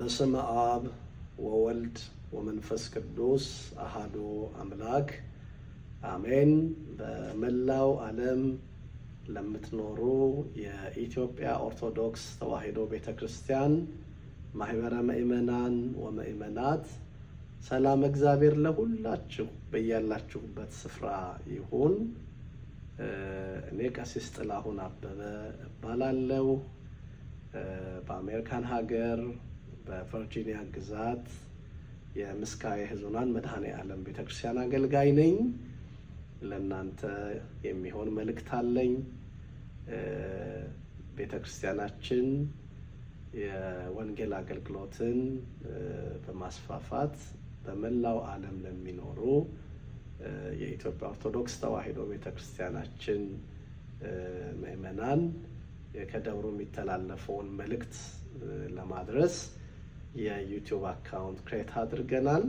በስም አብ ወወልድ ወመንፈስ ቅዱስ አሃዶ አምላክ አሜን። በመላው ዓለም ለምትኖሩ የኢትዮጵያ ኦርቶዶክስ ተዋሕዶ ቤተ ክርስቲያን ማህበረ ምእመናን ወምእመናት ሰላም እግዚአብሔር ለሁላችሁ በያላችሁበት ስፍራ ይሁን። እኔ ቀሲስ ጥላሁን አበበ እባላለሁ። በአሜሪካን ሀገር በቨርጂኒያ ግዛት የምስካየ ሕዙናን መድኃኔ ዓለም ቤተክርስቲያን አገልጋይ ነኝ። ለእናንተ የሚሆን መልእክት አለኝ። ቤተክርስቲያናችን የወንጌል አገልግሎትን በማስፋፋት በመላው ዓለም ለሚኖሩ የኢትዮጵያ ኦርቶዶክስ ተዋሕዶ ቤተክርስቲያናችን ምእመናን ከደብሩ የሚተላለፈውን መልእክት ለማድረስ የዩቲዩብ አካውንት ክሬት አድርገናል።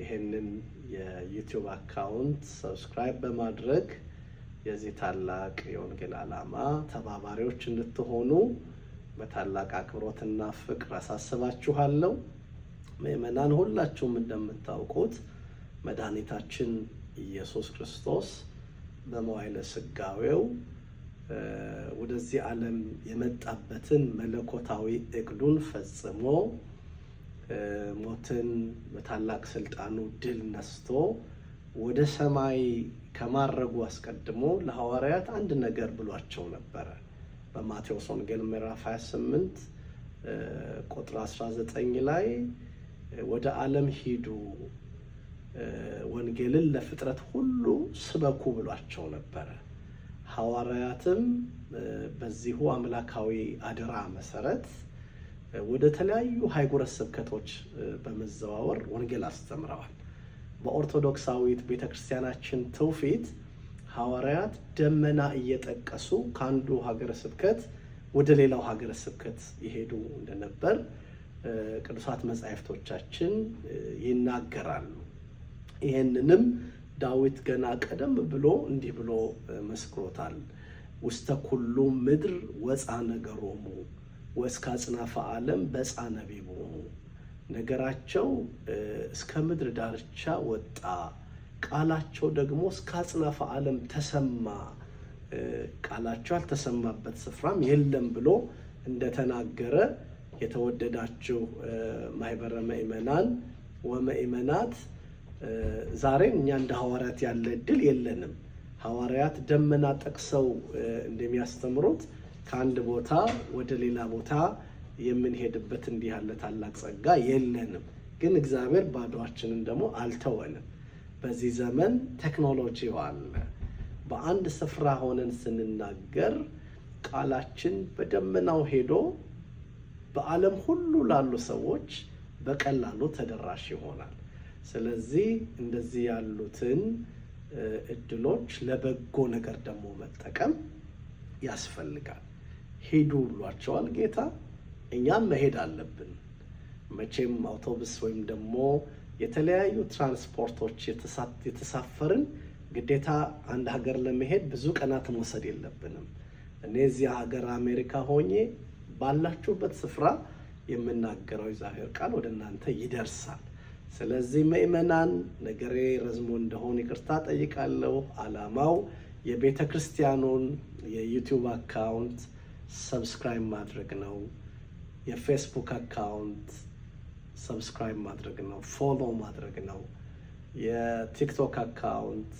ይህንን የዩቲዩብ አካውንት ሰብስክራይብ በማድረግ የዚህ ታላቅ የወንጌል ዓላማ ተባባሪዎች እንድትሆኑ በታላቅ አክብሮትና ፍቅር አሳስባችኋለሁ። ምእመናን ሁላችሁም እንደምታውቁት መድኃኒታችን ኢየሱስ ክርስቶስ በመዋዕለ ሥጋዌው ወደዚህ ዓለም የመጣበትን መለኮታዊ እቅዱን ፈጽሞ ሞትን በታላቅ ስልጣኑ ድል ነስቶ ወደ ሰማይ ከማረጉ አስቀድሞ ለሐዋርያት አንድ ነገር ብሏቸው ነበረ። በማቴዎስ ወንጌል ምዕራፍ 28 ቁጥር 19 ላይ ወደ ዓለም ሂዱ፣ ወንጌልን ለፍጥረት ሁሉ ስበኩ ብሏቸው ነበረ። ሐዋርያትም በዚሁ አምላካዊ አደራ መሰረት ወደ ተለያዩ ሀገረ ስብከቶች በመዘዋወር ወንጌል አስተምረዋል። በኦርቶዶክሳዊት ቤተክርስቲያናችን ትውፊት ሐዋርያት ደመና እየጠቀሱ ከአንዱ ሀገረ ስብከት ወደ ሌላው ሀገረ ስብከት የሄዱ እንደነበር ቅዱሳት መጻሕፍቶቻችን ይናገራሉ። ይህንንም ዳዊት ገና ቀደም ብሎ እንዲህ ብሎ መስክሮታል። ውስተ ኩሉ ምድር ወፃ ነገሮሙ ወእስከ አጽናፈ ዓለም በፃ ነቢቦሙ። ነገራቸው እስከ ምድር ዳርቻ ወጣ፣ ቃላቸው ደግሞ እስከ አጽናፈ ዓለም ተሰማ፣ ቃላቸው አልተሰማበት ስፍራም የለም ብሎ እንደተናገረ የተወደዳችሁ ማህበረ ምእመናን ወምእመናት ዛሬም እኛ እንደ ሐዋርያት ያለ እድል የለንም። ሐዋርያት ደመና ጠቅሰው እንደሚያስተምሩት ከአንድ ቦታ ወደ ሌላ ቦታ የምንሄድበት እንዲህ ያለ ታላቅ ጸጋ የለንም። ግን እግዚአብሔር ባዶችንን ደግሞ አልተወንም። በዚህ ዘመን ቴክኖሎጂ አለ። በአንድ ስፍራ ሆነን ስንናገር ቃላችን በደመናው ሄዶ በዓለም ሁሉ ላሉ ሰዎች በቀላሉ ተደራሽ ይሆናል። ስለዚህ እንደዚህ ያሉትን እድሎች ለበጎ ነገር ደግሞ መጠቀም ያስፈልጋል። ሂዱ ብሏቸዋል ጌታ። እኛም መሄድ አለብን። መቼም አውቶቡስ ወይም ደግሞ የተለያዩ ትራንስፖርቶች የተሳፈርን ግዴታ አንድ ሀገር ለመሄድ ብዙ ቀናት መውሰድ የለብንም። እኔ እዚህ ሀገር አሜሪካ ሆኜ ባላችሁበት ስፍራ የምናገረው የእግዚአብሔር ቃል ወደ እናንተ ይደርሳል። ስለዚህ ምእመናን ነገሬ ረዝሞ እንደሆን ይቅርታ ጠይቃለሁ። አላማው የቤተ ክርስቲያኑን የዩቲዩብ አካውንት ሰብስክራይብ ማድረግ ነው። የፌስቡክ አካውንት ሰብስክራይብ ማድረግ ነው፣ ፎሎ ማድረግ ነው። የቲክቶክ አካውንት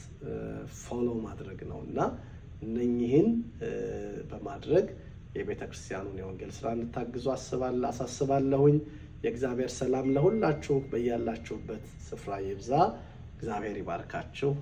ፎሎ ማድረግ ነው እና እነኚህን በማድረግ የቤተ ክርስቲያኑን የወንጌል ስራ እንድታግዙ አሳስባለሁኝ። የእግዚአብሔር ሰላም ለሁላችሁ በያላችሁበት ስፍራ ይብዛ። እግዚአብሔር ይባርካችሁ።